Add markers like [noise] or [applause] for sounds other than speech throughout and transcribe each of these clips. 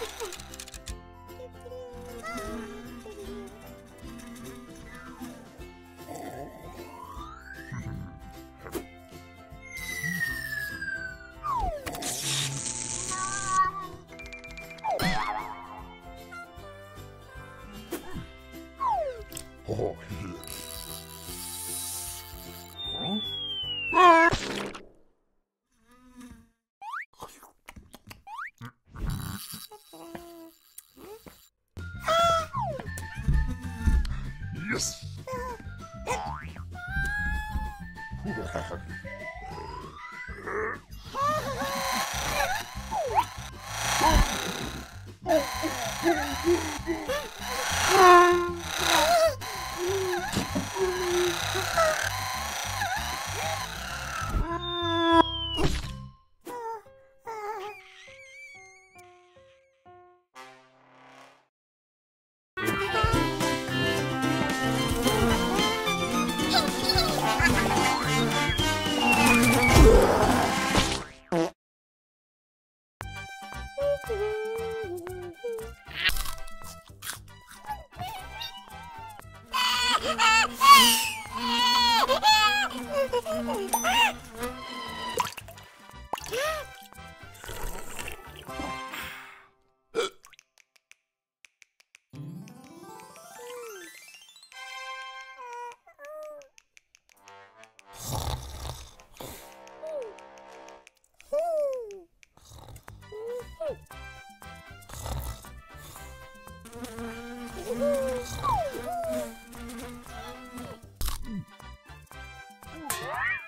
Que triste. Ah. Oh, [laughs] [laughs]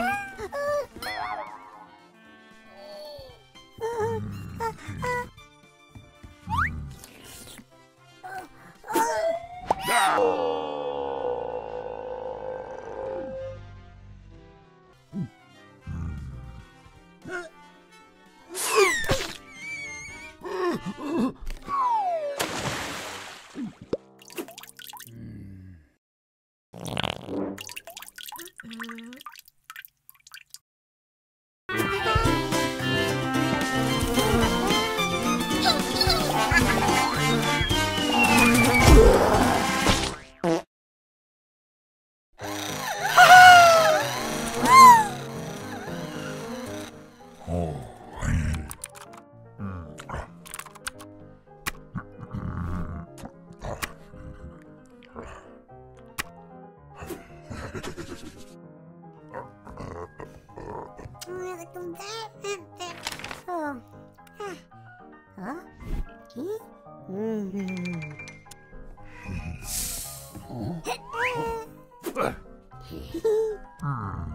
Hmm. Hmm.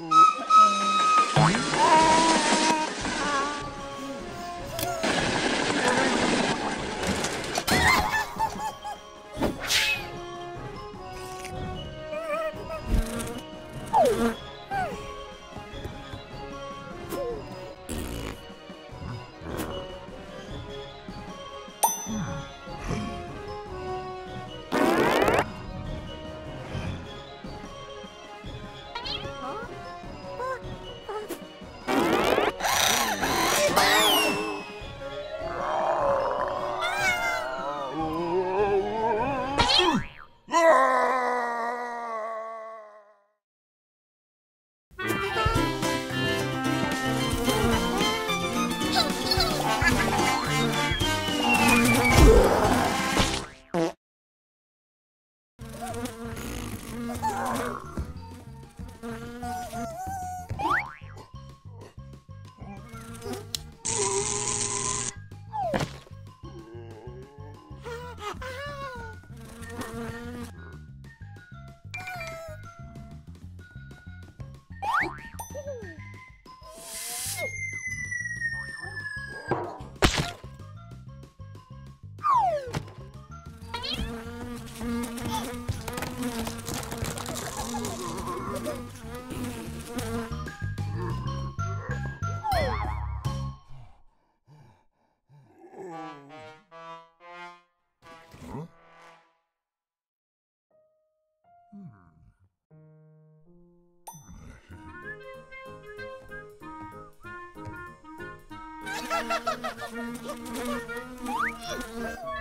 うん Mm-hmm. Ha ha ha ha ha!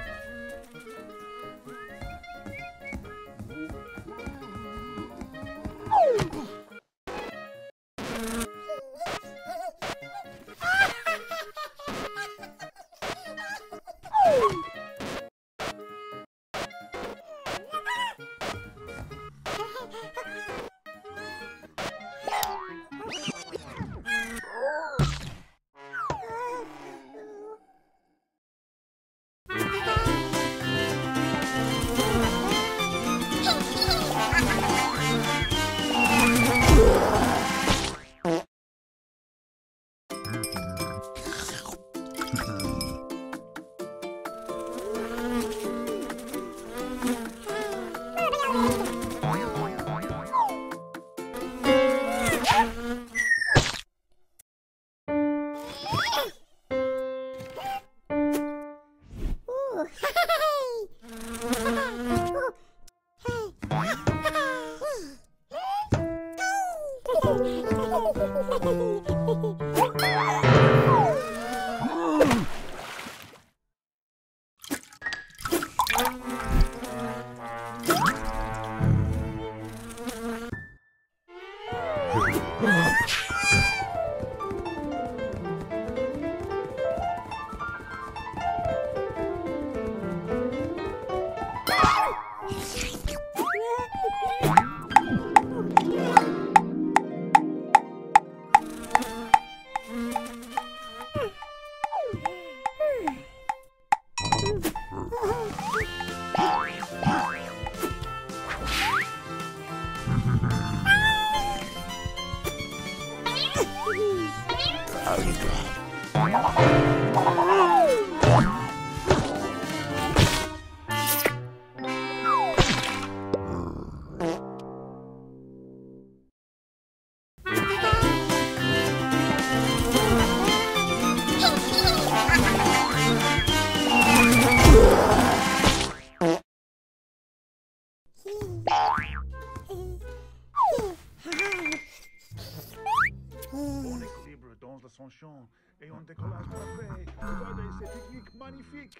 [laughs] Libra et on décolle après. Regardez ces technique magnifique.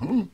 Hein